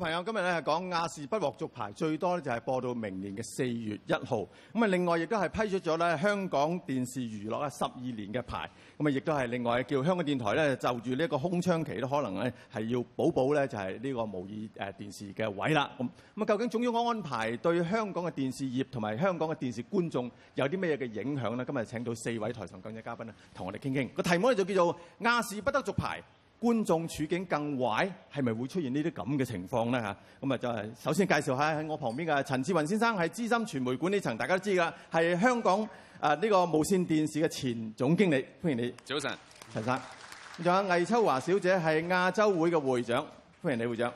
朋友今日咧講亞視不獲續牌，最多咧就係播到明年嘅四月一號。咁啊，另外亦都係批出咗咧香港電視娛樂嘅十二年嘅牌。咁啊，亦都係另外叫香港電台咧就住呢一個空窗期咧，可能咧係要補補咧就係呢個模擬誒電視嘅位啦。咁咁啊，究竟總要安排對香港嘅電視業同埋香港嘅電視觀眾有啲咩嘢嘅影響咧？今日請到四位台上講嘅嘉賓啊，同我哋傾傾個題目咧就叫做亞視不得續牌。觀眾處境更壞，係咪會出現呢啲咁嘅情況呢？嚇，咁啊就係首先介紹下喺我旁邊嘅陳志雲先生，係資深傳媒管理層，大家都知㗎，係香港誒呢、呃這個無線電視嘅前總經理，歡迎你。早晨，陳生。仲有魏秋華小姐係亞洲會嘅會長，歡迎你會長。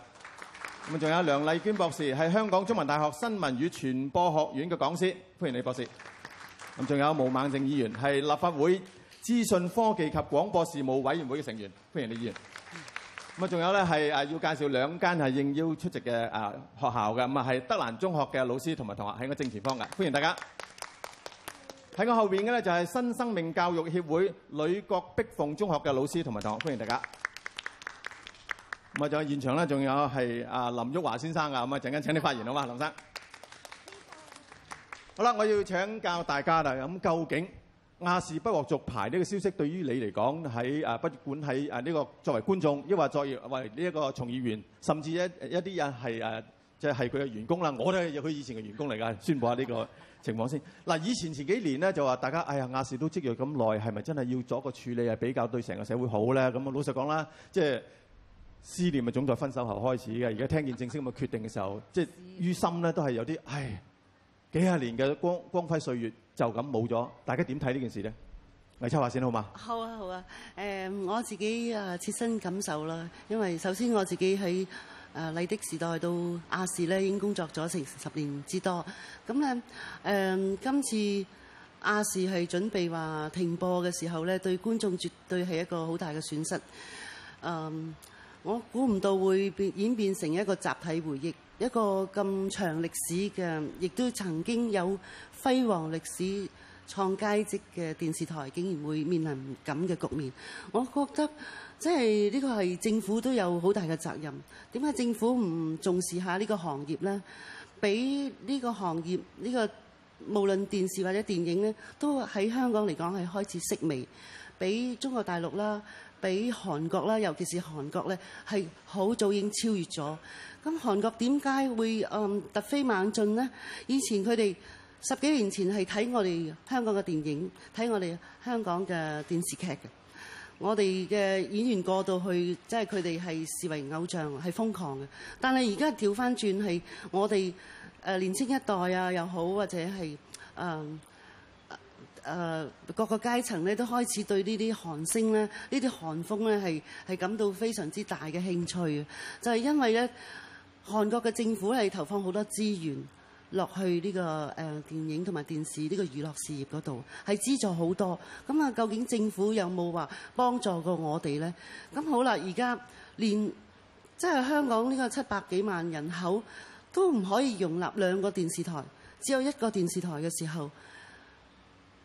咁仲有梁麗娟博士係香港中文大學新聞與傳播學院嘅講師，歡迎你博士。咁仲有毛孟靜議員係立法會資訊科技及廣播事務委員會嘅成員,歡迎你議員。亞視不獲續牌呢個消息對於你嚟講，喺誒、啊、不管喺誒呢個作為觀眾，抑或作為呢一、呢個從議員，甚至一一啲人係誒，即係佢嘅員工啦，我都係佢以前嘅員工嚟噶。 宣佈下呢個情況先。嗱、啊，以前前幾年咧就話大家，哎呀亞視都積弱咁耐，係咪真係要做一個處理係比較對成個社會好咧？咁、嗯、啊老實講啦，即係思念咪總在分手後開始嘅。而家聽見正式咁嘅決定嘅時候，即係於心咧都係有啲，唉幾十年嘅光光輝歲月。就咁冇咗，大家點睇呢件事咧？魏秋霞先好嘛？好啊，好啊。誒，我自己誒，切身感受啦。因為首先我自己喺誒麗的時代到亞視咧，已經工作咗成十年之多。咁咧誒，今次亞視係準備話停播嘅時候咧，對觀眾絕對係一個好大嘅損失。誒，我估唔到會變演變成一個集體回憶。一個咁長歷史嘅，亦都曾經有輝煌歷史、創佳績嘅電視台，竟然會面臨咁嘅局面，我覺得即係呢個係政府都有好大嘅責任。點解政府唔重視下呢個行業呢？俾呢個行業呢個無論電視或者電影呢，都喺香港嚟講係開始式微，俾中國大陸啦。比韓國啦，尤其是韓國咧，係好早已經超越咗。咁韓國點解會嗯突飛猛進呢？以前佢哋十幾年前係睇我哋香港嘅電影，睇我哋香港嘅電視劇嘅。我哋嘅演員過到去，即係佢哋係視為偶像，係瘋狂嘅。但係而家調翻轉係我哋誒、呃、年輕一代啊，又好或者係嗯。誒、呃，各個階層咧都開始對呢啲韓星咧，呢啲韓風咧係係感到非常之大嘅興趣。就係、是、因為咧，韓國嘅政府係投放好多資源落去呢、這個誒、呃、電影同埋電視呢、這個娛樂事業嗰度，係資助好多。咁啊，究竟政府有冇話幫助過我哋咧？咁好啦，而家連即係香港呢個七百幾萬人口都唔可以容納兩個電視台，只有一個電視台嘅時候。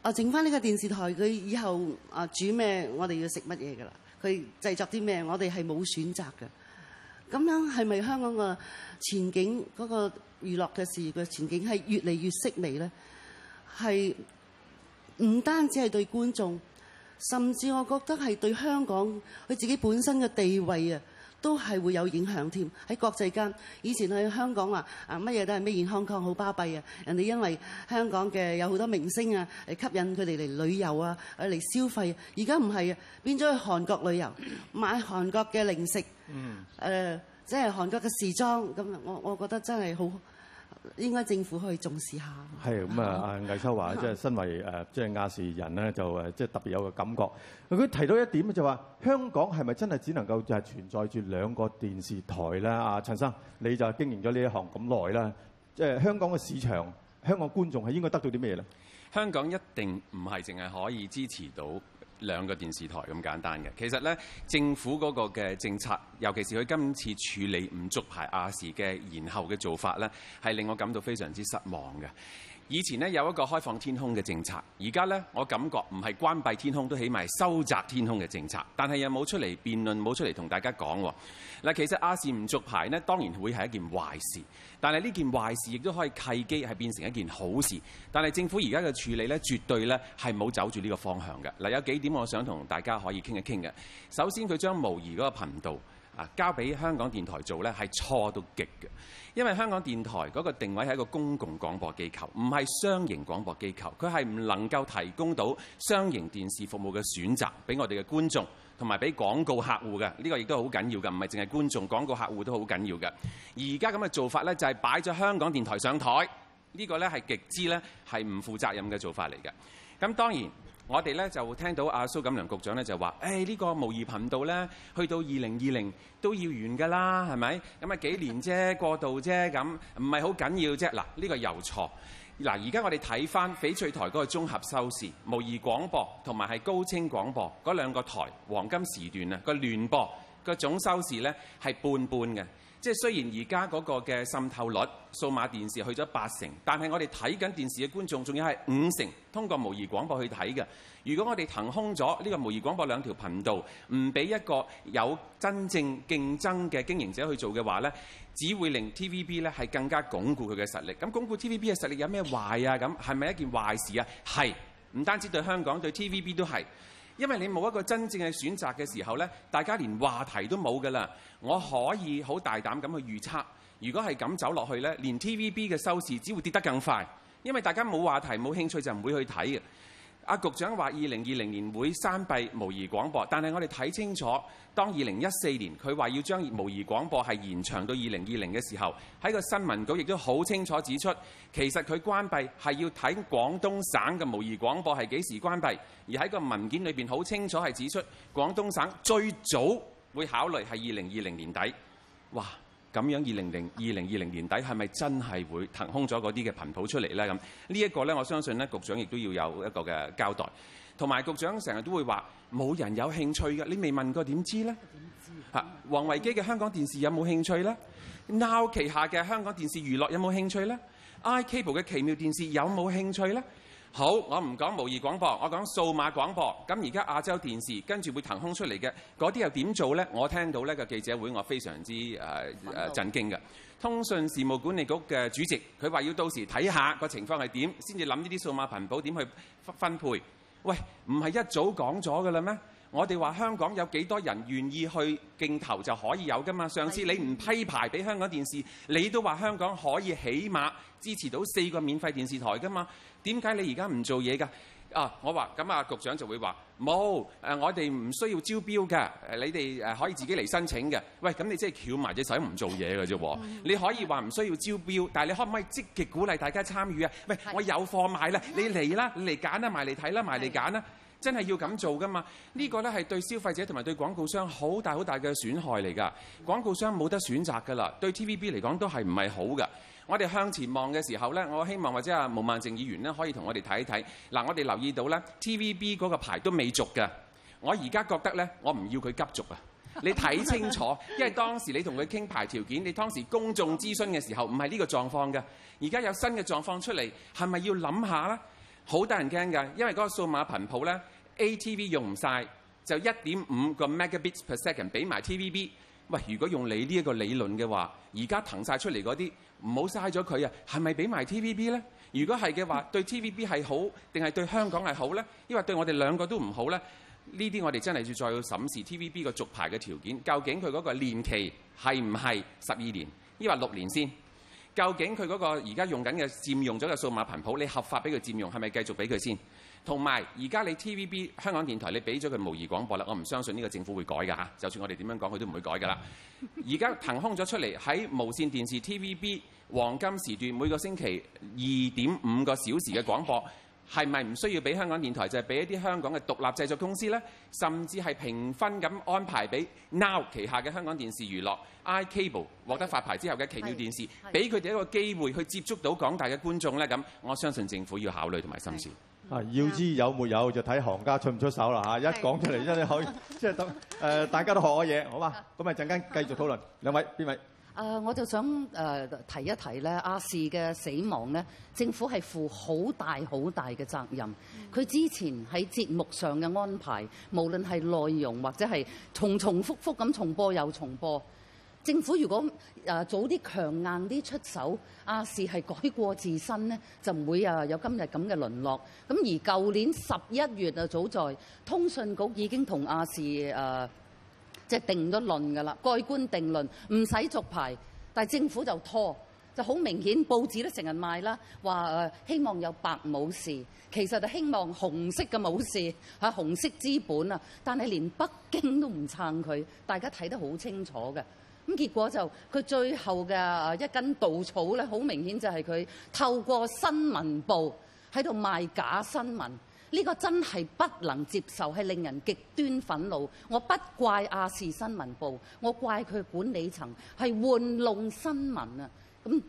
啊！整翻呢個電視台，佢以後啊煮咩，我哋要食乜嘢㗎啦？佢製作啲咩，我哋係冇選擇㗎。咁樣係咪香港個前景嗰個娛樂嘅事業嘅前景係越嚟越式微咧？係唔單止係對觀眾，甚至我覺得係對香港佢自己本身嘅地位啊！都係會有影響添，喺國際間，以前去香港話啊乜嘢都係咩嘢香港好巴閉啊，人哋因為香港嘅有好多明星啊，嚟吸引佢哋嚟旅遊啊，誒嚟消費啊，而家唔係啊，變咗去韓國旅遊，買韓國嘅零食，誒即係韓國嘅時裝，咁我我覺得真係好。應該政府可以重視下。係咁啊！阿魏秋華即係身為誒即係亞視人咧，就誒即係特別有個感覺。佢提到一點咧，就話香港係咪真係只能夠係存在住兩個電視台啦？啊，陳生，你就經營咗呢一行咁耐啦，即係香港嘅市場，香港觀眾係應該得到啲咩咧？香港一定唔係淨係可以支持到兩個電視台咁簡單嘅，其實咧政府嗰個嘅政策，尤其是佢今次處理唔續牌亞視嘅延後嘅做法呢，係令我感到非常之失望嘅。以前咧有一個開放天空嘅政策，而家咧我感覺唔係關閉天空，都起碼係收窄天空嘅政策。但係又冇出嚟辯論，冇出嚟同大家講嗱。其實亞視唔續牌咧，當然會係一件壞事，但係呢件壞事亦都可以契機係變成一件好事。但係政府而家嘅處理咧，絕對咧係冇走住呢個方向嘅嗱。有幾點我想同大家可以傾一傾嘅。首先，佢將模擬嗰個頻道，交俾香港電台做呢係錯到極嘅，因為香港電台嗰個定位係一個公共廣播機構，唔係雙型廣播機構，佢係唔能夠提供到雙型電視服務嘅選擇俾我哋嘅觀眾，同埋俾廣告客戶嘅。呢個亦都好緊要嘅，唔係淨係觀眾，廣告客戶都好緊要嘅。而家咁嘅做法呢，就係擺咗香港電台上台，呢個呢係極之呢係唔負責任嘅做法嚟嘅。咁當然。我哋咧就聽到阿蘇錦樑局長咧就話：誒呢個模擬頻道呢，去到二零二零都要完㗎啦，係咪？咁啊幾年啫，過渡啫，咁唔係好緊要啫。嗱，呢個又錯。嗱，而家我哋睇返翡翠台嗰個綜合收視，模擬廣播同埋係高清廣播嗰兩個台黃金時段啊個聯播個總收視呢係半半嘅。即係雖然而家嗰個嘅滲透率數碼電視去咗八成，但係我哋睇緊電視嘅觀眾仲要係五成通過模擬廣播去睇嘅。如果我哋騰空咗呢個模擬廣播兩條頻道，唔俾一個有真正競爭嘅經營者去做嘅話呢，只會令 TVB 呢係更加鞏固佢嘅實力。咁鞏固 TVB 嘅實力有咩壞啊？咁係咪一件壞事啊？係，唔單止對香港對 TVB 都係。因為你冇一個真正嘅選擇嘅時候咧，大家連話題都冇㗎啦。我可以好大膽咁去預測，如果係咁走落去咧，連 TVB 嘅收視只會跌得更快，因為大家冇話題、冇興趣就唔會去睇嘅。阿局長話，二零二零年會關閉模擬廣播，但係我哋睇清楚，當二零一四年佢話要將模擬廣播係延長到二零二零嘅時候，喺個新聞稿亦都好清楚指出，其實佢關閉係要睇廣東省嘅模擬廣播係幾時關閉，而喺個文件裏邊好清楚係指出廣東省最早會考慮係二零二零年底。哇！咁樣二零零二零二零年底係咪真係會騰空咗嗰啲嘅頻譜出嚟呢？咁呢一個呢，我相信呢，局長亦都要有一個嘅交代。同埋局長成日都會話冇人有興趣嘅，你未問過點知道呢？嚇，王、啊、維基嘅香港電視有冇興趣呢？now 旗下嘅香港電視娛樂有冇興趣呢？I cable 嘅奇妙電視有冇興趣呢？」好，我唔講模擬廣播，我講數碼廣播。咁而家亞洲電視跟住會騰空出嚟嘅，嗰啲又點做呢？我聽到呢個記者會，我非常之誒誒震驚嘅。通訊事務管理局嘅主席，佢話要到時睇下個情況係點，先至諗呢啲數碼頻譜點去分配。喂，唔係一早講咗㗎啦咩？我哋話香港有幾多人願意去競投就可以有㗎嘛？上次你唔批牌俾香港電視，你都話香港可以起碼支持到四個免費電視台㗎嘛為什麼的、啊？點解你而家唔做嘢㗎？啊，我話咁啊，局長就會話冇誒，我哋唔需要招標嘅，誒你哋誒、呃、可以自己嚟申請嘅。喂，咁你即係翹埋隻手唔做嘢㗎啫喎？你可以話唔需要招標，但係你可唔可以積極鼓勵大家參與啊？喂，我有貨賣啦，你嚟啦，你嚟揀啦，埋嚟睇啦，埋嚟揀啦。真係要咁做噶嘛？呢個咧係對消費者同埋對廣告商好大好大嘅損害嚟㗎。廣告商冇得選擇㗎啦，對 TVB 嚟講都係唔係好㗎。我哋向前望嘅時候呢，我希望或者啊毛孟靜議員呢可以同我哋睇一睇。嗱，我哋留意到呢 TVB 嗰個牌都未續㗎。我而家覺得呢，我唔要佢急續啊！你睇清楚，因為當時你同佢傾牌條件，你當時公眾諮詢嘅時候唔係呢個狀況㗎。而家有新嘅狀況出嚟，係咪要諗下呢？好得人驚㗎，因為嗰個數碼頻譜咧，ATV 用唔晒，就一點五個 megabits per second，俾埋 TVB。喂，如果用你呢一個理論嘅話，而家騰晒出嚟嗰啲，唔好嘥咗佢啊！係咪俾埋 TVB 呢？如果係嘅話、嗯，對 TVB 係好，定係對香港係好呢？抑或對我哋兩個都唔好呢？呢啲我哋真係要再審視 TVB 個續牌嘅條件，究竟佢嗰個年期係唔係十二年，抑或六年先？究竟佢嗰個而家用緊嘅、佔用咗嘅數碼頻譜，你合法俾佢佔用，係咪繼續俾佢先？同埋而家你 TVB 香港電台，你俾咗佢模擬廣播啦，我唔相信呢個政府會改㗎嚇。就算我哋點樣講，佢都唔會改㗎啦。而 家騰空咗出嚟喺無線電視 TVB 黃金時段，每個星期二點五個小時嘅廣播。係咪唔需要俾香港電台，就係俾一啲香港嘅獨立製作公司咧，甚至係平分咁安排俾 now 旗下嘅香港電視娛樂 iCable 獲得發牌之後嘅奇妙電視，俾佢哋一個機會去接觸到廣大嘅觀眾咧？咁我相信政府要考慮同埋深思。係，要知有冇有就睇行家出唔出手啦嚇！一講出嚟，真 係可以，即係等誒大家都學我嘢，好嘛？咁咪陣間繼續討論，兩位邊位？啊、uh,！我就想誒、呃、提一提咧，亞視嘅死亡咧，政府係負好大好大嘅責任。佢、mm-hmm. 之前喺節目上嘅安排，無論係內容或者係重重複複咁重播又重播，政府如果誒、呃、早啲強硬啲出手，亞視係改過自身，咧，就唔會啊有今日咁嘅淪落。咁而舊年十一月啊，早在通訊局已經同亞視誒。呃即、就、係、是、定咗論㗎啦，蓋棺定論，唔使續牌，但係政府就拖，就好明顯。報紙都成日賣啦，話誒、呃、希望有白武士，其實就希望紅色嘅武士，嚇、啊，紅色資本啊，但係連北京都唔撐佢，大家睇得好清楚嘅。咁結果就佢最後嘅、呃、一根稻草咧，好明顯就係佢透過新聞部喺度賣假新聞。呢、這個真係不能接受，係令人極端憤怒。我不怪亞視新聞部，我怪佢管理層係玩弄新聞啊！咁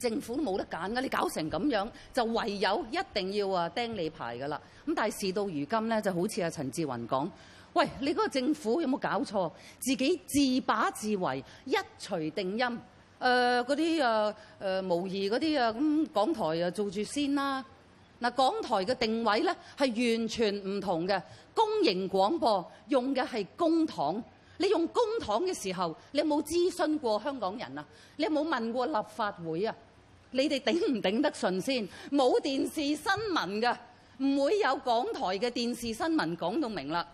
政府都冇得揀㗎，你搞成咁樣就唯有一定要啊釘你牌㗎啦！咁但係事到如今咧，就好似阿陳志雲講，喂，你嗰個政府有冇搞錯？自己自把自為，一槌定音。誒嗰啲誒誒模擬嗰啲啊，咁、呃嗯、港台啊做住先啦。嗱，港台嘅定位咧係完全唔同嘅。公營廣播用嘅係公帑，你用公帑嘅時候，你有冇諮詢過香港人啊？你有冇問過立法會啊？你哋頂唔頂得順先？冇電視新聞㗎，唔會有港台嘅電視新聞講到明啦。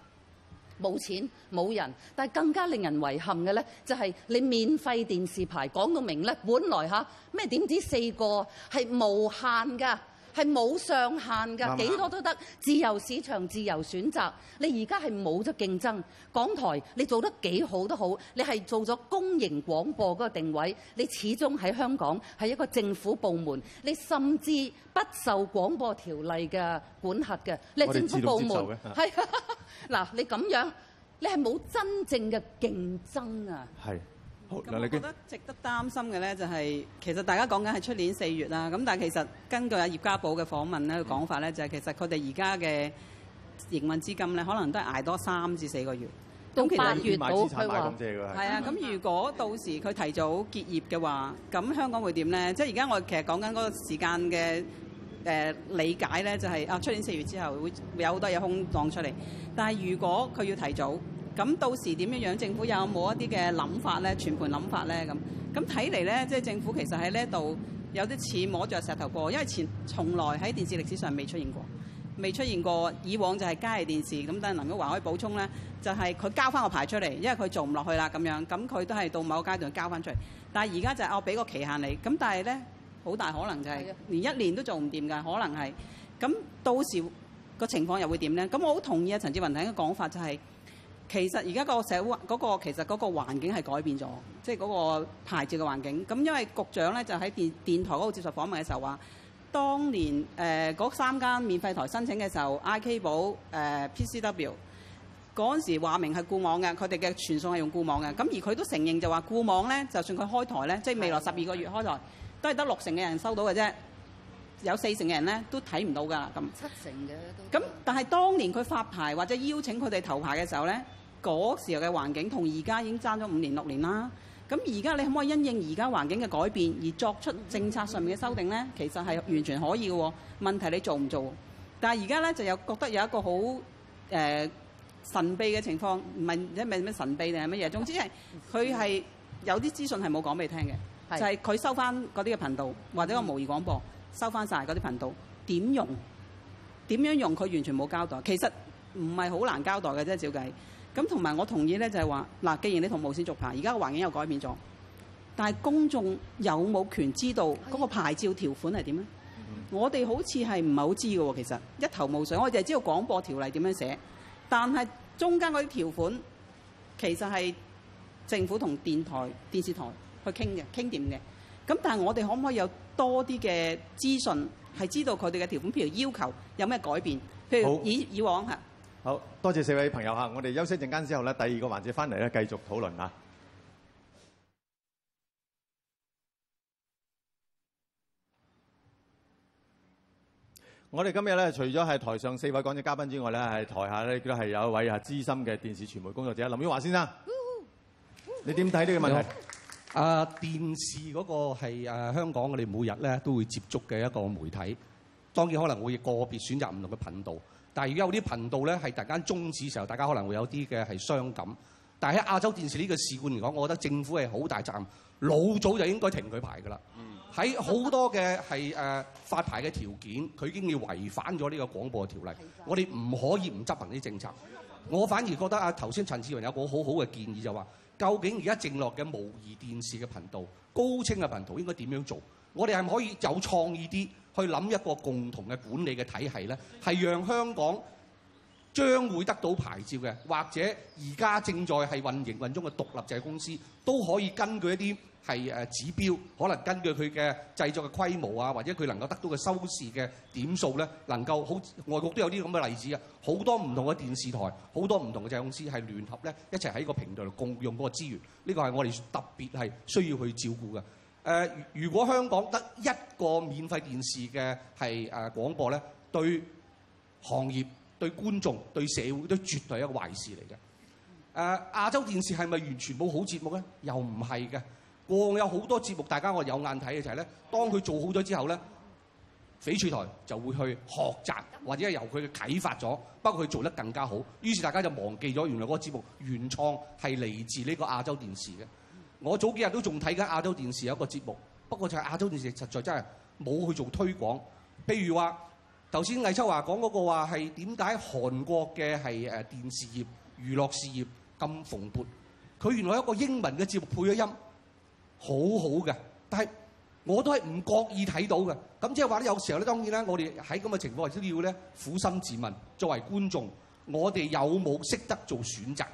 冇錢冇人，但係更加令人遺憾嘅呢，就係你免費電視牌講到明呢。本來吓，咩點止四個係無限㗎。係冇上限㗎，幾多都得，自由市場、自由選擇。你而家係冇咗競爭，港台你做得幾好都好，你係做咗公營廣播嗰個定位，你始終喺香港係一個政府部門，你甚至不受廣播條例嘅管轄嘅，你係政府部門，係！嗱，你咁樣，你係冇真正嘅競爭啊！係。咁我覺得值得擔心嘅咧，就係其實大家講緊係出年四月啦。咁但係其實根據阿葉家寶嘅訪問咧嘅講法咧，就係、是、其實佢哋而家嘅營運資金咧，可能都係捱多三至四個月。咁其實已經買資產買咁多嘅係啊，咁、嗯、如果到時佢提早結業嘅話，咁香港會點咧？即係而家我其實講緊嗰個時間嘅誒、呃、理解咧，就係、是、啊出年四月之後會有好多嘢空檔出嚟。但係如果佢要提早，咁到時點樣樣？政府有冇一啲嘅諗法咧？全盤諗法咧，咁咁睇嚟咧，即係、就是、政府其實喺呢度有啲似摸着石頭過，因為前從來喺電視歷史上未出現過，未出現過。以往就係街電視咁，但係能夠還可以補充咧，就係、是、佢交翻個牌出嚟，因為佢做唔落去啦咁樣。咁佢都係到某個階段交翻出嚟，但係而家就係我俾個期限你咁，但係咧好大可能就係連一年都做唔掂㗎，可能係咁到時個情況又會點咧？咁我好同意啊，陳志雲第一個講法就係、是。其實而家個社會嗰、嗰個其實嗰個環境係改變咗，即係嗰個牌照嘅環境。咁因為局長咧就喺電電台嗰度接受訪問嘅時候話，當年誒嗰、呃、三間免費台申請嘅時候，i-Cable 誒 P C W，嗰陣時話明係固網嘅，佢哋嘅傳送係用固網嘅。咁而佢都承認就話固網咧，就算佢開台咧，即係未來十二個月開台，是都係得六成嘅人收到嘅啫，有四成嘅人咧都睇唔到㗎喇。咁七成嘅都咁，但係當年佢發牌或者邀請佢哋投牌嘅時候咧？嗰時候嘅環境同而家已經爭咗五年六年啦。咁而家你可唔可以因應而家環境嘅改變而作出政策上面嘅修訂咧？其實係完全可以嘅、哦。問題你做唔做？但係而家咧就有覺得有一個好、呃、神秘嘅情況，唔係一唔係咩神秘定係乜嘢？總之係佢係有啲資訊係冇講俾你聽嘅，就係、是、佢收翻嗰啲嘅頻道或者個模擬廣播、嗯、收翻曬嗰啲頻道，點用點樣用？佢完全冇交代。其實唔係好難交代嘅啫，照計。咁同埋我同意咧，就係話嗱，既然你同無線續牌，而家個環境又改變咗，但係公眾有冇權知道嗰個牌照條款係點咧？我哋好似係唔係好知嘅喎，其實一頭霧水。我哋就係知道廣播條例點樣寫，但係中間嗰啲條款其實係政府同電台、電視台去傾嘅，傾點嘅。咁但係我哋可唔可以有多啲嘅資訊係知道佢哋嘅條款？譬如要求有咩改變，譬如以以往嚇。好多謝四位朋友嚇，我哋休息陣間之後咧，第二個環節翻嚟咧，繼續討論嚇。我哋今日咧，除咗係台上四位講者嘉賓之外咧，係台下咧都係有一位係資深嘅電視傳媒工作者，林宇華先生，嗯嗯嗯、你點睇呢個問題？啊、嗯，嗯 uh, 電視嗰個係、uh, 香港我哋每日咧都會接觸嘅一個媒體，當然可能會個別選擇唔同嘅頻道。但如果有啲頻道咧，係突然間終止時候，大家可能會有啲嘅係傷感。但係喺亞洲電視呢個事件嚟講，我覺得政府係好大責任，老早就應該停佢牌㗎啦。喺、嗯、好多嘅係誒發牌嘅條件，佢已經要違反咗呢個廣播條例。我哋唔可以唔執行呢啲政策。我反而覺得啊，頭先陳志雲有個很好好嘅建議，就話究竟而家剩落嘅模擬電視嘅頻道、高清嘅頻道應該點樣做？我哋係咪可以有創意啲？去諗一個共同嘅管理嘅體系咧，係讓香港將會得到牌照嘅，或者而家正在係運營運中嘅獨立製公司，都可以根據一啲係誒指標，可能根據佢嘅製作嘅規模啊，或者佢能夠得到嘅收視嘅點數咧，能夠，好，外國都有啲咁嘅例子啊。好多唔同嘅電視台，好多唔同嘅製公司係聯合咧一齊喺個平台度共用嗰個資源，呢個係我哋特別係需要去照顧嘅。誒、呃，如果香港得一個免費電視嘅係誒廣播咧，對行業、對觀眾、對社會都絕對係一個壞事嚟嘅。誒、呃，亞洲電視係咪完全冇好節目咧？又唔係嘅，過往有好多節目，大家我有眼睇嘅就係、是、咧，當佢做好咗之後咧，翡翠台就會去學習或者係由佢嘅啟發咗，包括佢做得更加好。於是大家就忘記咗原來嗰個節目原創係嚟自呢個亞洲電視嘅。我早幾日都仲睇緊亞洲電視有一個節目，不過就係亞洲電視實在真係冇去做推廣。譬如話頭先魏秋華講嗰個話係點解韓國嘅係誒電視業娛樂事業咁蓬勃？佢原來一個英文嘅節目配咗音，好好嘅。但係我都係唔覺意睇到嘅。咁即係話咧，有時候咧，當然咧，我哋喺咁嘅情況下都要咧，苦心自問，作為觀眾，我哋有冇識得做選擇？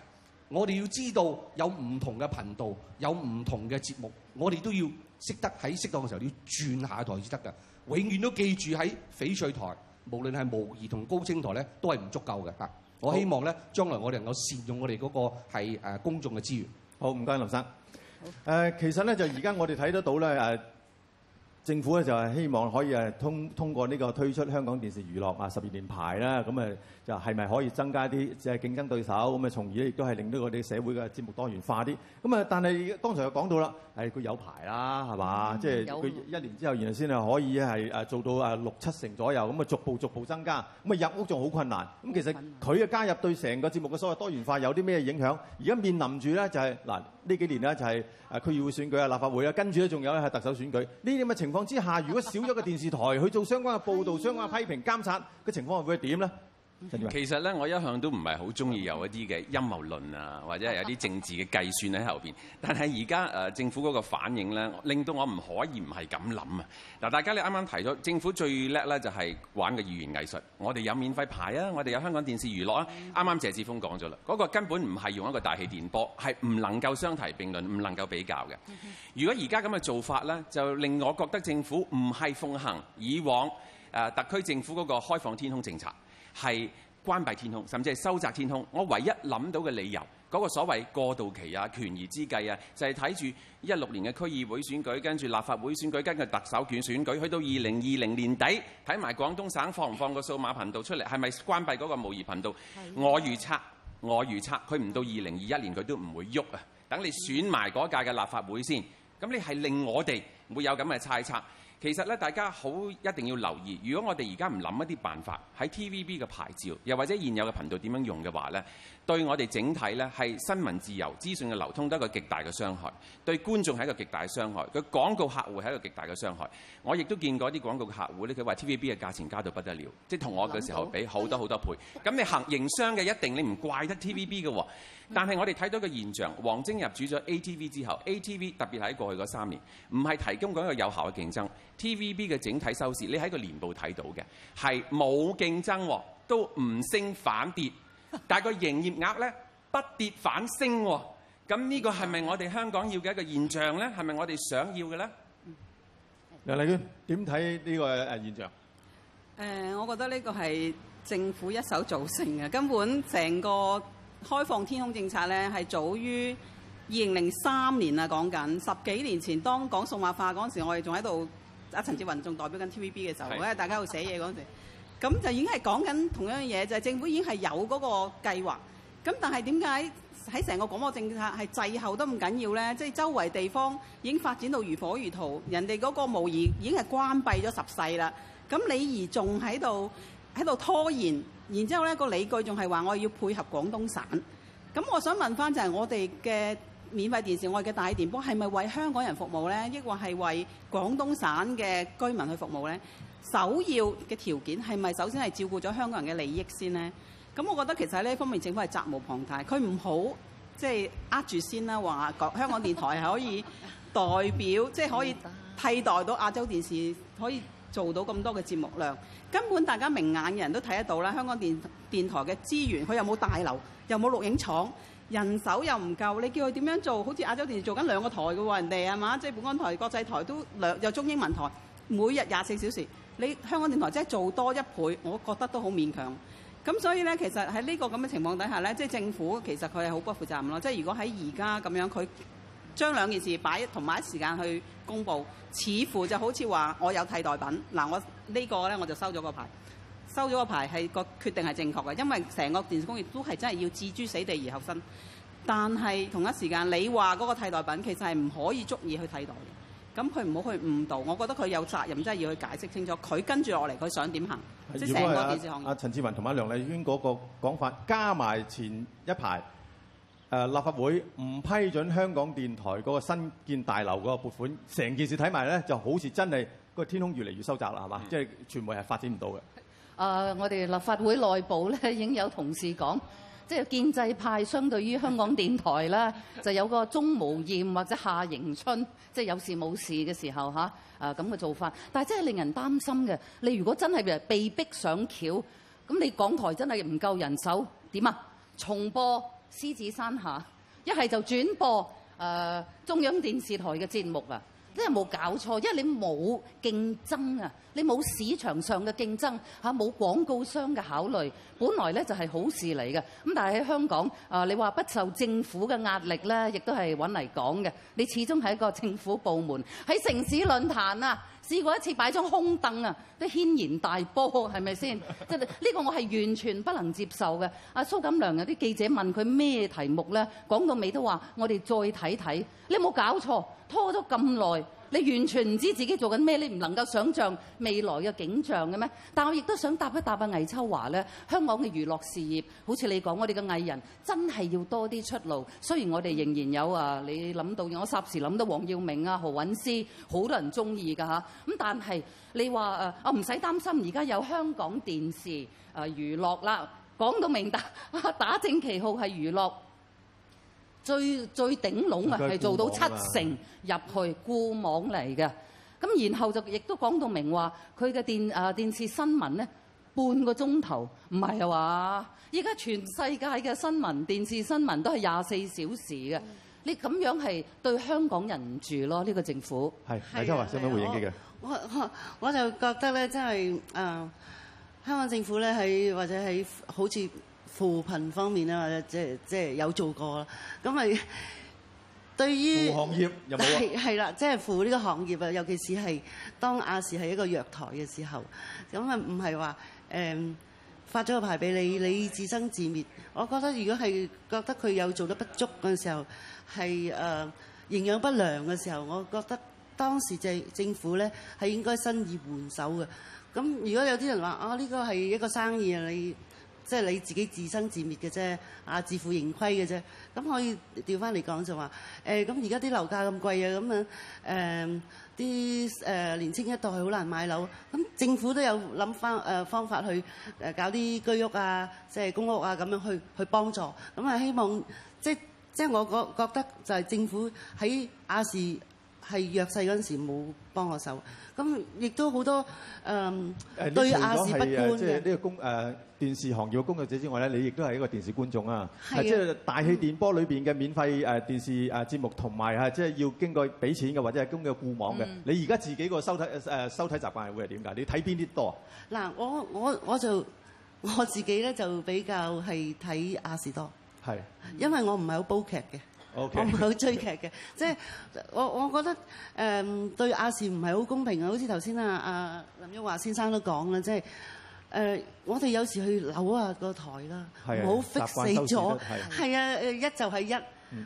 我哋要知道有唔同嘅頻道，有唔同嘅節目，我哋都要識得喺適當嘅時候要轉下台至得㗎。永遠都記住喺翡翠台，無論係模擬同高清台咧，都係唔足夠嘅。嗱，我希望咧，將來我哋能夠善用我哋嗰個係公眾嘅資源。好，唔該，林生。誒、呃，其實咧就而家我哋睇得到咧誒。呃政府呢就係希望可以通通過呢個推出香港電視娛樂，十二年牌啦。咁就係咪可以增加啲競爭對手，咁從而亦都係令到我哋社會嘅節目多元化啲。咁但係當場又講到啦，佢有牌啦，係嘛？即係佢一年之後原來先係可以做到六七成左右，咁逐步逐步增加，咁入屋仲好困難。咁其實佢嘅加入對成個節目嘅所謂多元化有啲咩影響？而家面臨住呢就係嗱，呢幾年呢就係區議會選舉啊、立法會啦，跟住呢仲有呢係特首選舉呢啲咁嘅情況。況之下，如果少咗個電視台去做相關嘅報道、相關嘅批評、監察嘅情況，會係點咧？其實咧，我一向都唔係好中意有一啲嘅陰謀論啊，或者係有啲政治嘅計算喺後邊。但係而家誒政府嗰個反應咧，令到我唔可以唔係咁諗啊！嗱，大家你啱啱提咗政府最叻咧，就係玩嘅語言藝術。我哋有免費牌啊，我哋有香港電視娛樂啊。啱、嗯、啱謝志峰講咗啦，嗰、嗯嗰個根本唔係用一個大氣電波，係、嗯、唔能夠相提並論，唔能夠比較嘅、嗯。如果而家咁嘅做法咧，就令我覺得政府唔係奉行以往誒、呃、特區政府嗰個開放天空政策。係關閉天空，甚至係收窄天空。我唯一諗到嘅理由，嗰、嗰個所謂過渡期啊、權宜之計啊，就係睇住一六年嘅區議會選舉，跟住立法會選舉，跟住特首選，選舉，去到二零二零年底，睇埋廣東省放唔放個數碼頻道出嚟，係咪關閉嗰個模擬頻道是的？我預測，我預測，佢唔到二零二一年佢都唔會喐啊！等你選埋嗰屆嘅立法會先，咁你係令我哋唔會有咁嘅猜測。其實咧，大家好一定要留意。如果我哋而家唔諗一啲辦法，喺 TVB 嘅牌照，又或者現有嘅頻道點樣用嘅話咧？對我哋整體呢，係新聞自由、資訊嘅流通得一個極大嘅傷害，對觀眾係一個極大嘅傷害。佢廣告客戶係一個極大嘅傷害。我亦都見過啲廣告客戶呢，佢話 TVB 嘅價錢加到不得了，即係同我嘅時候比好多好多倍。咁你行營商嘅一定你唔怪得 TVB 嘅喎、哦。但係我哋睇到個現象，王征入主咗 ATV 之後 ，ATV 特別喺過去嗰三年，唔係提供咗一個有效嘅競爭。TVB 嘅整體收視，你喺個年報睇到嘅係冇競爭、哦，都唔升反跌。但係個營業額咧不跌反升喎，咁呢個係咪我哋香港要嘅一個現象咧？係咪我哋想要嘅咧？梁麗娟點睇呢個誒現象、呃？我覺得呢個係政府一手造成嘅，根本成個開放天空政策咧係早於二零零三年啊，講緊，十幾年前當講數碼化嗰陣時，我哋仲喺度陳志雲仲代表緊 T V B 嘅時候，時候大家喺度寫嘢嗰陣時。咁就已經係講緊同樣嘅嘢，就係、是、政府已經係有嗰個計劃。咁但係點解喺成個廣播政策係滯後都唔緊要咧？即、就、係、是、周圍地方已經發展到如火如荼，人哋嗰個模擬已經係關閉咗十世啦。咁你而仲喺度喺度拖延，然之後咧、那個理據仲係話我要配合廣東省。咁我想問翻就係我哋嘅。免費電視，我哋嘅大電波係咪為香港人服務呢？抑或係為廣東省嘅居民去服務呢？首要嘅條件係咪首先係照顧咗香港人嘅利益先呢？咁我覺得其實呢方面政府係責無旁貸，佢唔好即係呃住先啦，話香港電台係可以代表，即 係可以替代到亞洲電視，可以做到咁多嘅節目量。根本大家明眼嘅人都睇得到啦，香港電電台嘅資源，佢又冇大樓，又冇錄影廠。人手又唔夠，你叫佢點樣做？好似亞洲電視做緊兩個台嘅喎，人哋係嘛？即係本港台、國際台都兩有中英文台，每日廿四小時。你香港電台即係做多一倍，我覺得都好勉強。咁所以呢，其實喺呢個咁嘅情況底下呢，即係政府其實佢係好不負責任咯。即係如果喺而家咁樣，佢將兩件事擺同埋一時間去公布，似乎就好似話我有替代品。嗱，我呢個呢，我就收咗個牌。收咗個牌係個決定係正確嘅，因為成個電視工業都係真係要置諸死地而後生。但係同一時間，你話嗰個替代品其實係唔可以足以去替代嘅。咁佢唔好去誤導，我覺得佢有責任真係要去解釋清楚。佢跟住落嚟，佢想點行？即係成個電視行業阿、啊啊、陳志雲同埋梁麗娟嗰個講法，加埋前一排誒、呃、立法會唔批准香港電台嗰個新建大樓嗰個撥款，成件事睇埋咧就好似真係個天空越嚟越收窄啦，係嘛？即、嗯、係、就是、傳媒係發展唔到嘅。誒、uh，我哋立法會內部咧已經有同事講，即、就、係、是、建制派相對於香港電台啦， 就有個鍾無艷或者夏迎春，即、就、係、是、有事冇事嘅時候嚇，誒咁嘅做法。但係真係令人擔心嘅，你如果真係被逼上轎，咁你港台真係唔夠人手，點啊？重播獅子山下，一係就轉播誒、啊、中央電視台嘅節目啊！真係冇搞錯，因為你冇競爭啊，你冇市場上嘅競爭，冇廣告商嘅考慮，本來呢就係好事嚟嘅。但係喺香港，你話不受政府嘅壓力呢，亦都係揾嚟講嘅。你始終係一個政府部門，喺城市論壇啊。試過一次擺張空凳啊，都軒然大波，係咪先？即係呢個我係完全不能接受嘅。阿蘇錦樑，有啲記者問佢咩題目咧，講到尾都話我哋再睇睇。你有冇搞錯？拖咗咁耐？你完全唔知自己做緊咩？你唔能夠想像未來嘅景象嘅咩？但我亦都想答一答阿魏秋華咧，香港嘅娛樂事業好似你講，我哋嘅藝人真係要多啲出路。雖然我哋仍然有啊，你諗到我霎時諗到黃耀明啊、何韻詩，好多人中意㗎嚇。咁但係你話誒、啊，我唔使擔心，而家有香港電視啊娛樂啦，講到明白打打正旗號係娛樂。最最頂籠啊，係做到七成入去固網嚟嘅。咁然後就亦都講到明話，佢嘅電啊電視新聞咧，半個鐘頭唔係啊話。依家全世界嘅新聞電視新聞都係廿四小時嘅、嗯。你咁樣係對香港人唔住咯。呢、呢個政府係，大家話想唔想回應啲嘅？我我，我就覺得咧，真係誒、呃，香港政府咧喺或者喺好似。扶貧方面咧，即係即係有做過啦。咁咪對於行業又啦，即係、就是、扶呢個行業啊，尤其是係當亞視係一個弱台嘅時候。咁啊，唔係話誒發咗個牌俾你，你自生自滅。我覺得如果係覺得佢有做得不足嘅時候，係誒、呃、營養不良嘅時候，我覺得當時就係政府咧係應該伸以援手嘅。咁如果有啲人話啊，呢個係一個生意啊，你。即係你自己自生自滅嘅啫，啊，自負盈虧嘅啫。咁可以調翻嚟講就話，誒咁而家啲樓價咁貴啊，咁樣誒啲誒年青一代好難買樓。咁政府都有諗翻誒方法去誒搞啲居屋啊，即係公屋啊，咁樣去去幫助。咁啊，希望即即係我覺覺得就係政府喺亞視，係弱勢陣時冇幫我手，咁亦都好多、嗯嗯、對對亞視不滿嘅。即、就、呢、是、個公誒、呃、電視行業嘅工作者之外咧，你亦都係一個電視觀眾啊，係即係大氣電波裏邊嘅免費誒、嗯啊、電視誒節目，同埋啊即係、就是、要經過俾錢嘅或者係經嘅固網嘅、嗯。你而家自己個收睇誒、呃、收睇習慣係會係點㗎？你睇邊啲多？嗱，我我我就我自己咧就比較係睇亞視多，係、嗯、因為我唔係好煲劇嘅。Okay. 我唔係好追劇嘅，即、就、係、是、我我覺得誒、呃、對亞視唔係好公平啊！好似頭先啊啊林郁華先生都講啦，即係誒我哋有時去扭下個台啦，唔好 fix 死咗，係啊誒一就係一。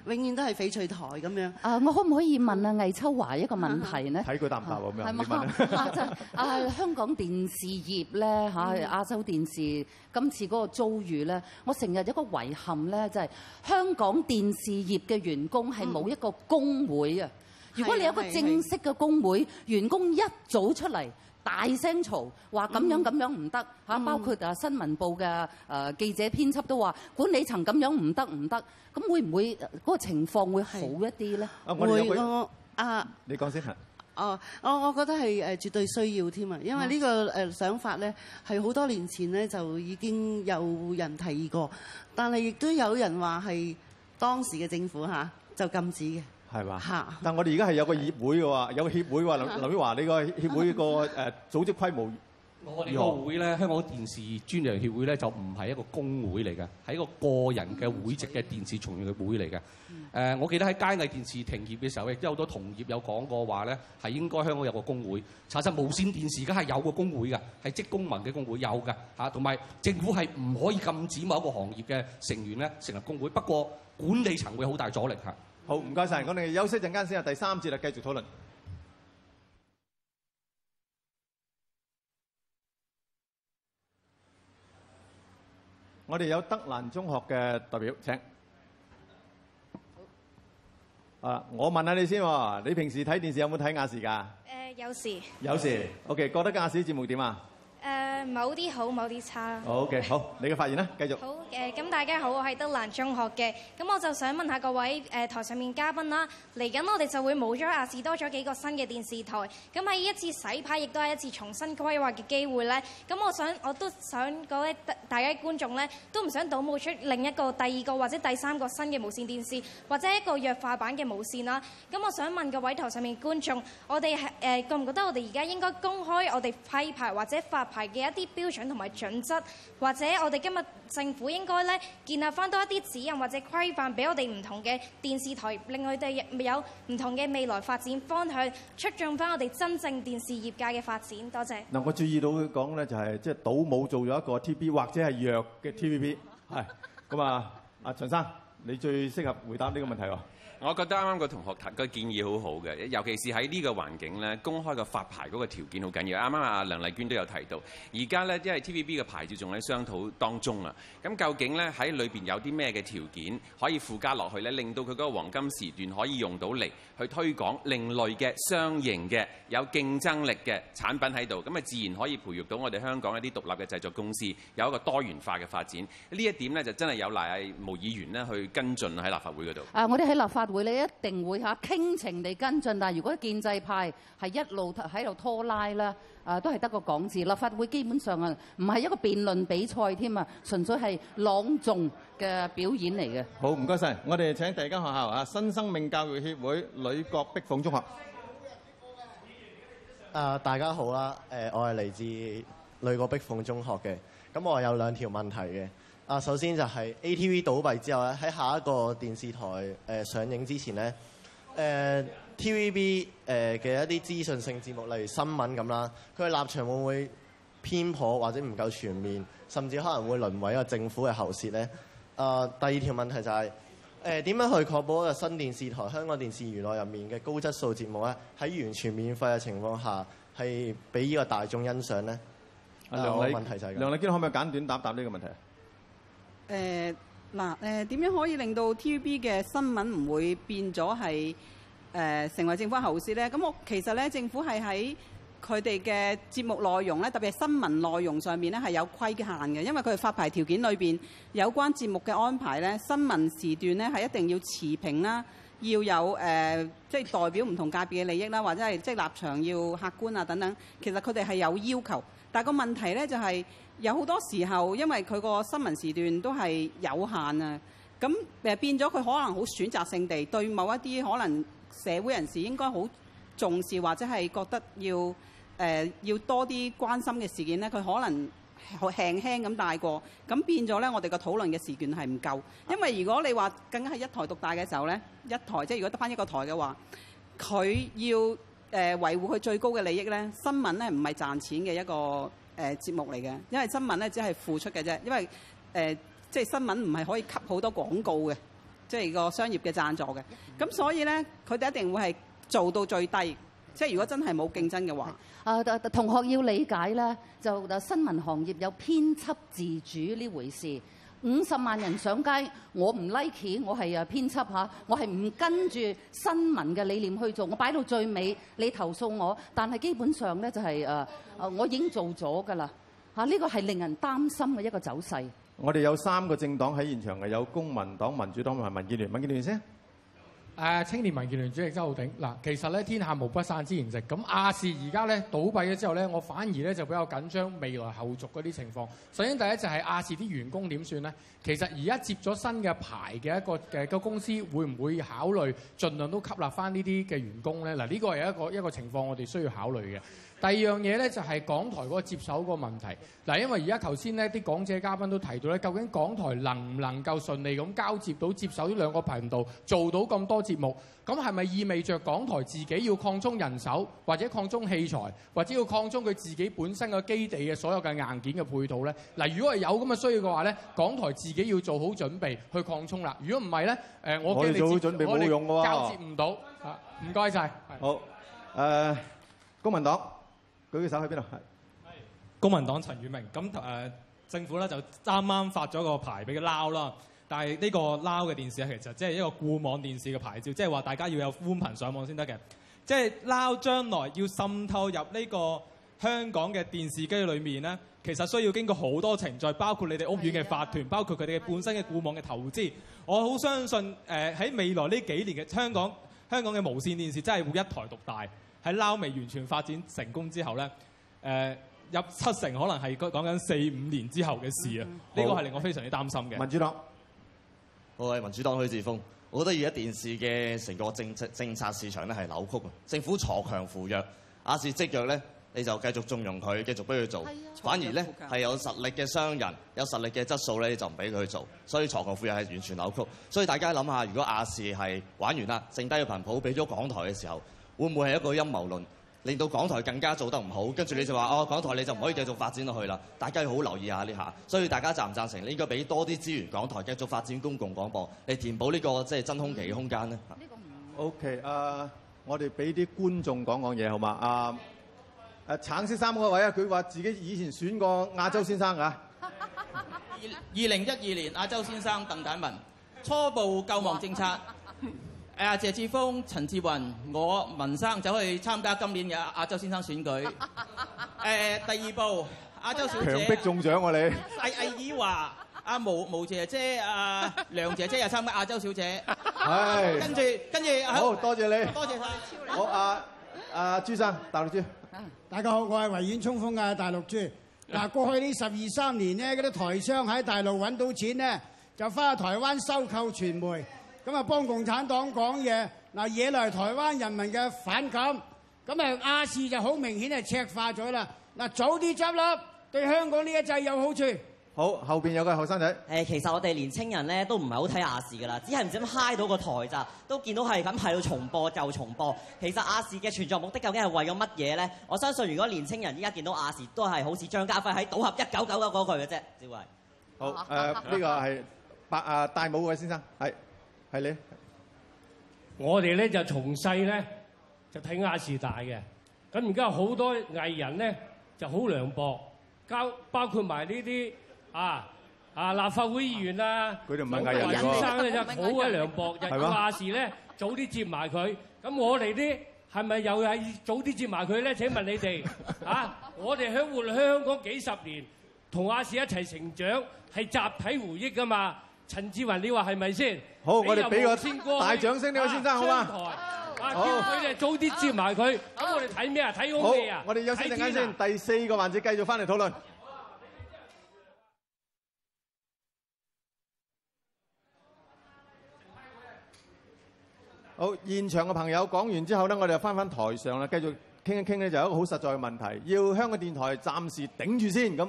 永遠都係翡翠台咁樣啊！我可唔可以問阿魏秋華一個問題咧？睇佢答唔答咁樣係啊！香港電視業咧嚇、啊，亞洲電視今次嗰個遭遇咧，我成日有一個遺憾咧，就係、是、香港電視業嘅員工係冇一個工會啊！如果你有一個正式嘅工會的的的，員工一早出嚟。大聲嘈話咁樣咁樣唔得嚇，包括啊新聞部嘅誒記者編輯都話，管理層咁樣唔得唔得，咁會唔會嗰、呃這個情況會好一啲咧？會啊！你講先嚇。哦、啊，我我覺得係誒絕對需要添啊，因為呢個誒想法咧係好多年前咧就已經有人提過，但係亦都有人話係當時嘅政府嚇就禁止嘅。係嘛，但我哋而家係有個協會嘅喎，有個協會話：劉劉英華，你個協會個、啊、組織規模。我哋個會呢、嗯，香港電視專業協會呢，就唔係一個工會嚟嘅，係一個個人嘅會籍嘅電視從業嘅會嚟嘅、嗯呃。我記得喺佳藝電視停業嘅時候，亦都有好多同業有講過話呢，係應該香港有個工會。查實無線電視而家係有個工會嘅，係職工盟嘅工會有嘅嚇，同、啊、埋政府係唔可以禁止某一個行業嘅成員咧成立工會，不過管理層會好大阻力、啊好，唔該晒，我哋休息陣間先啊。第三節啊，繼續討論。我哋有德蘭中學嘅代表，請。好。啊，我問下你先喎，你平時睇電視有冇睇亞視㗎？誒，有時。有時，OK，覺得亞視節目點啊？誒。某啲好，某啲差。好嘅，好，你嘅發言啦，繼續。好嘅，咁大家好，我係德蘭中學嘅，咁我就想問下各位誒、呃、台上面嘉賓啦，嚟緊我哋就會冇咗亞視多咗幾個新嘅電視台，咁喺一次洗牌，亦都係一次重新規劃嘅機會咧。咁我想，我都想各位大家觀眾咧，都唔想倒冒出另一個第二個或者第三個新嘅無綫電視或者一個弱化版嘅無綫啦。咁我想問各位台上面觀眾，我哋係誒覺唔覺得我哋而家應該公開我哋批牌或者發牌嘅一啲標準同埋準則，或者我哋今日政府應該咧建立翻多一啲指引或者規範，俾我哋唔同嘅電視台，令佢哋有唔同嘅未來發展方向，促進翻我哋真正電視業界嘅發展。多謝。嗱，我注意到佢講咧就係即係倒模做咗一個 T V B，或者係弱嘅 T V B，係咁啊，阿陳生，你最適合回答呢個問題喎。我覺得啱啱個同學提個建議好好嘅，尤其是喺呢個環境呢，公開個發牌嗰個條件好緊要。啱啱阿梁麗娟都有提到，而家呢，因為 TVB 嘅牌照仲喺商討當中啊，咁究竟呢，喺裏邊有啲咩嘅條件可以附加落去呢？令到佢嗰個黃金時段可以用到嚟去推廣另類嘅相型嘅有競爭力嘅產品喺度，咁啊自然可以培育到我哋香港一啲獨立嘅製作公司有一個多元化嘅發展。呢一點呢，就真係有賴毛議員呢去跟進喺立法會嗰度。啊，我哋喺立法會你一定會嚇傾情地跟進，但係如果建制派係一路喺度拖拉啦，啊都係得個講字。立法會基本上啊唔係一個辯論比賽添啊，純粹係朗誦嘅表演嚟嘅。好唔該曬，我哋請第二間學校啊，新生命教育協會呂郭碧鳳中學。啊，大家好啦，誒我係嚟自呂郭碧鳳中學嘅，咁我有兩條問題嘅。啊，首先就係 ATV 倒閉之後咧，喺下一個電視台誒上映之前咧，誒 TVB 誒嘅一啲資訊性節目，例如新聞咁啦，佢嘅立場會唔會偏頗或者唔夠全面，甚至可能會淪為一個政府嘅喉舌咧？啊，第二條問題就係誒點樣去確保一個新電視台香港電視娛樂入面嘅高質素節目咧？喺完全免費嘅情況下，係俾呢個大眾欣賞咧？兩個問題就係梁麗娟可唔可以簡短答答呢個問題？誒嗱誒點樣可以令到 TVB 嘅新聞唔會變咗係誒成為政府喉舌咧？咁我其實咧政府係喺佢哋嘅節目內容咧，特別係新聞內容上面咧係有規限嘅，因為佢哋發牌條件裏邊有關節目嘅安排咧，新聞時段咧係一定要持平啦，要有誒即係代表唔同界別嘅利益啦，或者係即係立場要客觀啊等等。其實佢哋係有要求，但個問題咧就係、是。有好多時候，因為佢個新聞時段都係有限啊，咁誒變咗佢可能好選擇性地對某一啲可能社會人士應該好重視或者係覺得要誒、呃、要多啲關心嘅事件咧，佢可能輕輕咁帶過，咁變咗咧我哋個討論嘅時段係唔夠，因為如果你話更加係一台獨大嘅時候咧，一台即係如果得翻一個台嘅話，佢要誒維護佢最高嘅利益咧，新聞咧唔係賺錢嘅一個。誒節目嚟嘅，因為新聞咧只係付出嘅啫，因為誒、呃、即係新聞唔係可以吸好多廣告嘅，即係個商業嘅贊助嘅，咁、嗯、所以咧佢哋一定會係做到最低，是即係如果真係冇競爭嘅話，啊同學要理解咧，就新聞行業有編輯自主呢回事。五十萬人上街，我唔 like，我係啊編輯嚇，我係唔跟住新聞嘅理念去做，我擺到最尾，你投訴我，但係基本上咧就係、誒、誒，我已經做咗㗎啦嚇，呢個係令人擔心嘅一個走勢。我哋有三個政黨喺現場嘅，有公民黨、民主黨同埋民建聯，民建聯先。誒，青年民建聯主席周浩鼎。嗱，其實咧天下無不散之筵席，咁亞視而家咧倒閉咗之後咧，我反而咧就比較緊張未來後續嗰啲情況。首先第一就係亞視啲員工點算咧？其實而家接咗新嘅牌嘅一個嘅個公司，會唔會考慮盡量都吸納返呢啲嘅員工咧？嗱，呢個係一個一個情況，我哋需要考慮嘅。第二樣嘢咧就係港台嗰個接手個問題。嗱，因為而家頭先呢啲港姐嘉賓都提到咧，究竟港台能唔能夠順利咁交接到接手呢兩個頻道，做到咁多節目？咁係咪意味着港台自己要擴充人手，或者擴充器材，或者要擴充佢自己本身嘅基地嘅所有嘅硬件嘅配套咧？嗱，如果係有咁嘅需要嘅話咧，港台自己要做好準備去擴充啦。如果唔係咧，誒、呃，我哋做好準備冇用嘅喎。交接唔到，嚇，唔該晒。好，誒、呃，公民黨。舉個手喺邊度？係公民黨陳宇明。咁誒、呃，政府咧就啱啱發咗個牌俾佢撈啦。但係呢個撈嘅電視咧，其實即係一個固網電視嘅牌照，即係話大家要有寬頻上網先得嘅。即係撈將來要滲透入呢個香港嘅電視機裏面咧，其實需要經過好多程序，包括你哋屋苑嘅法團，包括佢哋嘅本身嘅固網嘅投資。我好相信誒，喺未來呢幾年嘅香港，香港嘅無線電視真係會一台獨大。喺撈味完全發展成功之後咧，誒、呃、入七成可能係講緊四五年之後嘅事啊！呢、嗯嗯這個係令我非常之擔心嘅。民主黨，我係民主黨許智峰，我覺得而家電視嘅成個政政策市場咧係扭曲啊！政府鋤強扶弱，亞視積弱咧，你就繼續縱容佢，繼續俾佢做是、啊；反而咧係有實力嘅商人、有實力嘅質素咧，你就唔俾佢做。所以鋤強扶弱係完全扭曲。所以大家諗下，如果亞視係玩完啦，剩低嘅頻譜俾咗港台嘅時候。會唔會係一個陰謀論，令到港台更加做得唔好，跟住你就話哦，港台你就唔可以繼續發展落去啦？大家要好留意一下呢下，所以大家贊唔贊成？你應該俾多啲資源港台繼續發展公共廣播，嚟填補呢個即係真空期嘅空間咧。呢、這個唔 OK 啊、uh,！我哋俾啲觀眾講講嘢好嘛？啊，誒橙色衫嗰位啊，佢話自己以前選過亞洲先生啊。二二零一二年亞洲先生鄧大文，初步救亡政策。 誒謝志峰、陳志雲，我文生走去參加今年嘅亞洲先生選舉。誒第二部亞洲小姐。強迫中獎喎你。誒誒以華，阿毛毛姐姐、阿梁姐姐又參加亞洲小姐。係。跟住跟住，好多謝你。多謝曬。好，阿阿朱生，大陸朱。啊！大家好，我係維園衝鋒嘅大陸朱。嗱，過去呢十二三年咧，嗰啲台商喺大陸揾到錢咧，就翻去台灣收購傳媒。咁啊，幫共產黨講嘢，嗱，惹來台灣人民嘅反感。咁啊，亞視就好明顯係赤化咗啦。嗱，早啲執笠對香港呢一制有好處。好，後面有個後生仔。其實我哋年青人咧都唔係好睇亞視噶啦，只係唔知嗨到個台咋，都見到係咁係到重播就重播。其實亞視嘅存在目的究竟係為咗乜嘢咧？我相信如果年青人依家見到亞視，都係好似張家輝喺賭俠一九九九嗰句嘅啫。趙偉。好，誒、 呃，呢、這個係八啊戴帽位先生，係你，我哋咧就從細咧就睇亞視大嘅，咁而家好多藝人咧就好涼薄，包包括埋呢啲啊啊立法會議員啦，佢哋唔係藝人喎，冇生嘅就好鬼涼薄，日日亞視咧早啲接埋佢，咁我哋啲係咪又係早啲接埋佢咧？請問你哋啊， 我哋喺活香港幾十年，同亞視一齊成長，係集體回憶㗎嘛。陳志雲，你話係咪先？好，我哋俾個大掌聲，呢位先生，好嗎？台，好，叫佢哋早啲接埋佢。咁我哋睇咩啊？睇好戲啊！我哋休息陣間先，第四個環節繼續翻嚟討論。好，現場嘅朋友講完之後咧，我哋翻翻台上啦，繼續傾一傾咧，就有一個好實在嘅問題，要香港電台暫時頂住先咁。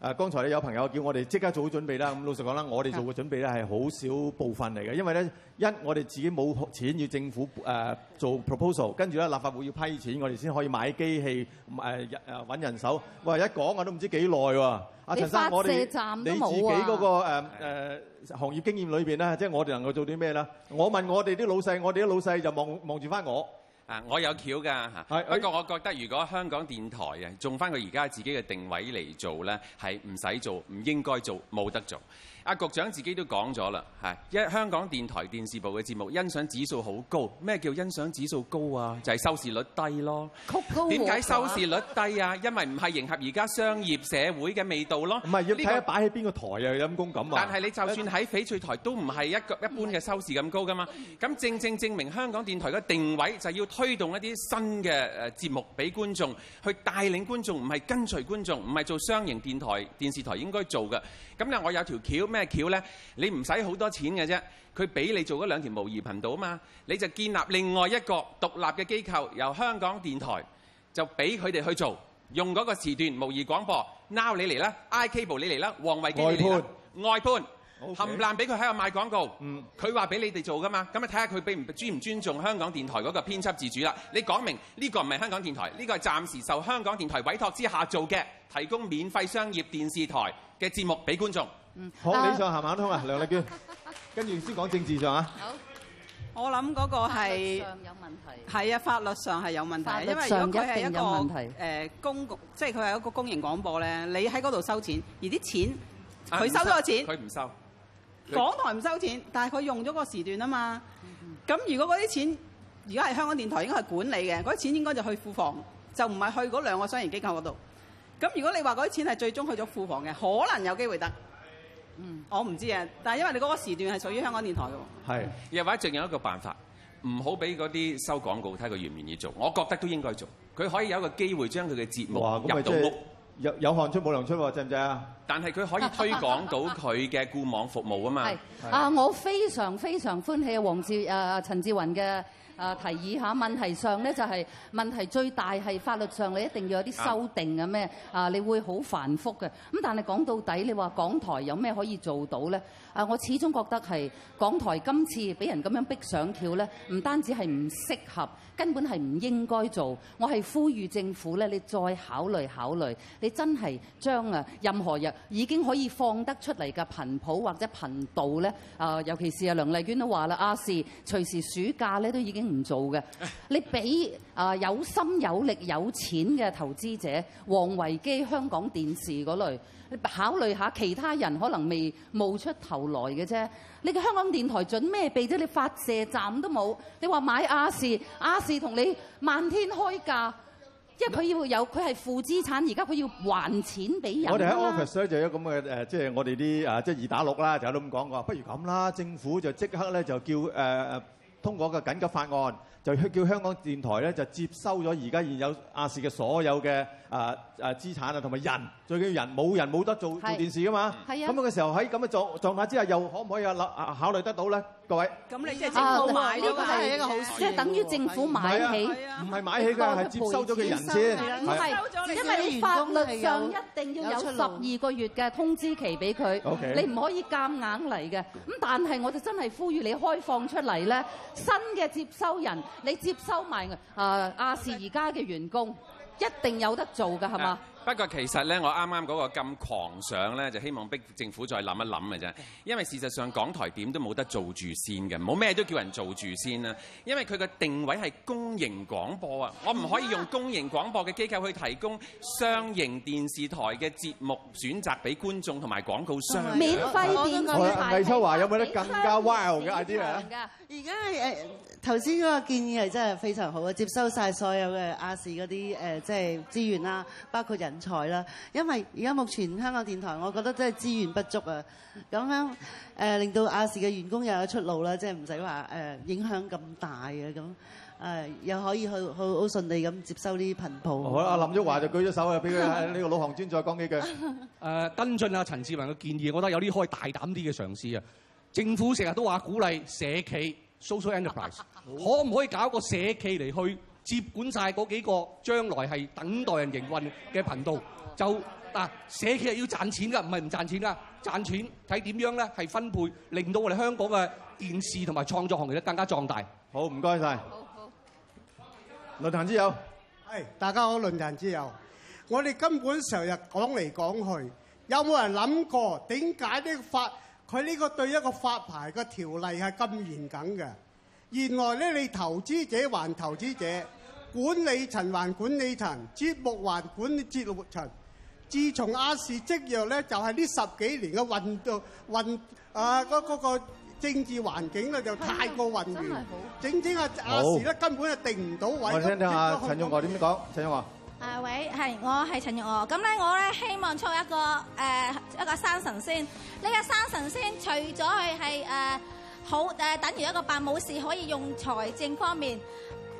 誒、呃，剛才有朋友叫我哋即刻做好準備啦。咁、嗯、老實講啦，我哋做嘅準備咧係好少部分嚟嘅，因為咧一我哋自己冇錢要政府誒、呃、做 proposal，跟住咧立法會要批錢，我哋先可以買機器誒誒、呃呃、搵人手。哇、呃！一講我都唔知幾耐喎。阿、啊、陳生，我哋、啊、你自己嗰、那個誒、呃呃、行業經驗裏面呢，即、就、係、是、我哋能夠做啲咩咧？我問我哋啲老細，我哋啲老細就望望住返我。啊！我有橋噶吓。係不過，我覺得如果香港電台啊，用翻佢而家自己嘅定位嚟做咧，係唔使做，唔應該做，冇得做。阿局長自己都講咗啦，係，因為香港電台電視部嘅節目，欣賞指數好高。咩叫欣賞指數高啊？就係、是、收視率低咯。點解收視率低啊？ 因為唔係迎合而家商業社會嘅味道咯。唔係要睇、呢個、擺喺邊個台啊？陰公咁啊！但係你就算喺翡翠台都唔係一個一般嘅收視咁高噶嘛。咁正正證明香港電台嘅定位就係要推動一啲新嘅誒節目俾觀眾，去帶領觀眾，唔係跟隨觀眾，唔係做商營電台電視台應該做嘅。咁啊，我有條橋。咩橋呢？你唔使好多錢嘅啫，佢俾你做嗰兩條模擬頻道啊嘛，你就建立另外一個獨立嘅機構，由香港電台就俾佢哋去做，用嗰個時段模擬廣播。Now 你嚟啦，I cable 你嚟啦，王維基你嚟啦，外判冚 𠰻 俾佢喺度賣廣告。嗯，佢話俾你哋做噶嘛，咁啊睇下佢俾唔尊唔尊重香港電台嗰個編輯自主啦。你講明呢個唔係香港電台，呢個係暫時受香港電台委託之下做嘅，提供免費商業電視台嘅節目俾觀眾。好，你上行行通啊，梁麗娟，跟住先講政治上啊。好，我諗嗰個係係啊，法律上係有問題，問題因為如果佢係一個誒、呃、公共，即係佢係一個公營廣播咧，你喺嗰度收錢，而啲錢佢收咗個錢，佢唔收，錢、啊、他不收，他不收他港台唔收錢，但係佢用咗個時段啊嘛。咁如果嗰啲錢而家係香港電台應該係管理嘅，嗰啲錢應該就去庫房，就唔係去嗰兩個商業機構嗰度。咁如果你話嗰啲錢係最終去咗庫房嘅，可能有機會得。嗯，我唔知啊，但係因為你嗰個時段係屬於香港電台嘅喎。係，又或者仲有一個辦法，唔好俾嗰啲收廣告睇佢願唔願意做，我覺得都應該做。佢可以有個機會將佢嘅節目入到屋，有有汗出冇糧出喎，制唔制啊？但係佢可以推廣到佢嘅固網服務啊嘛。係啊，我非常非常歡喜啊，黃志啊，陳志雲嘅。啊！提議下問題上咧就係、是、問題最大係法律上你一定要有啲修訂啊咩啊你會好繁複嘅咁，但係講到底你話港台有咩可以做到咧啊，我始終覺得係港台今次俾人咁樣逼上橋咧，唔單止係唔適合，根本係唔應該做。我係呼籲政府咧，你再考慮考慮，你真係將啊任何日已經可以放得出嚟嘅頻譜或者頻道咧啊，尤其是啊梁麗娟都話啦啊，是隨時暑假咧都已經。唔做嘅，你俾啊有心有力有錢嘅投資者，王維基香港電視嗰類，你考慮下其他人可能未冒出頭來嘅啫。你嘅香港電台準咩備啫？你發射站都冇，你話買亞視，亞視同你漫天開價，因為佢要有，佢係負資產，而家佢要還錢俾人啦。我哋喺 office 咧，就有咁嘅誒，即係我哋啲啊，即係二打六啦，就係咁講。我話不如咁啦，政府就即刻咧就叫誒。呃通過個緊急法案，就去叫香港電台咧就接收咗而家現有亞視嘅所有嘅啊。呃誒資產啊，同埋人，最緊要人，冇人冇得做做電視噶嘛。咁嘅時候喺咁嘅狀狀態之下，又可唔可以諗考慮得到咧？各位，咁你啊呢個係即係等於政府買起，唔係買起㗎，係接收咗嘅人先。因為你法律上一定要有十二個月嘅通知期俾佢，你唔可以夾硬嚟嘅。咁但係我就真係呼籲你開放出嚟咧，新嘅接收人，你接收埋啊亞視而家嘅員工。一定有得做嘅，係嘛？啊不過其實咧，我啱啱嗰個咁狂想咧，就希望逼政府再諗一諗嘅啫。因為事實上港台點都冇得做住先嘅，冇咩都叫人做住先啦。因為佢嘅定位係公營廣播啊，我唔可以用公營廣播嘅機構去提供商營電視台嘅節目選擇俾觀眾同埋廣告商。免費電視台。魏秋華有冇得更加 wild 嘅 idea？而家係誒頭先嗰個建議係真係非常好啊！接收晒所有嘅亞視嗰啲誒，即係資源啦，包括人。人才啦，因為而家目前香港電台，我覺得真係資源不足啊，咁樣誒、呃、令到亞視嘅員工又有出路啦，即係唔使話誒影響咁大嘅咁誒，又可以去好好順利咁接收呢啲頻譜。好啦，林旭華就舉咗手啊，俾佢呢個老行尊再講幾句誒 、呃，跟進啊，陳志雲嘅建議，我覺得有啲可以大膽啲嘅嘗試啊。政府成日都話鼓勵社企 （social enterprise）， 可唔可以搞個社企嚟去？接管曬嗰幾個將來係等待人營運嘅頻道，就嗱，社企係要賺錢㗎，唔係唔賺錢㗎，賺錢睇點樣咧，係分配，令到我哋香港嘅電視同埋創作行業咧更加壯大。好，唔該曬。好好。論壇之友，係大家好，論壇之友。我哋根本成日講嚟講去，有冇人諗過點解呢個法佢呢個對一個發牌嘅條例係咁嚴謹嘅？原來咧，你投資者還投資者。管理層還管理層，節目還管理節目層。自從亞視積弱咧，就係、是、呢十幾年嘅混就混啊嗰嗰個政治環境咧就太過混亂，整整啊亞視咧根本就定唔到位。我聽聽阿陳玉娥點講，陳玉娥。啊、uh, 喂，係我係陳玉娥。咁咧我咧希望出一個誒、呃、一個生神仙。呢、這個生神仙除咗佢係誒好誒、呃，等於一個辦冇事可以用財政方面。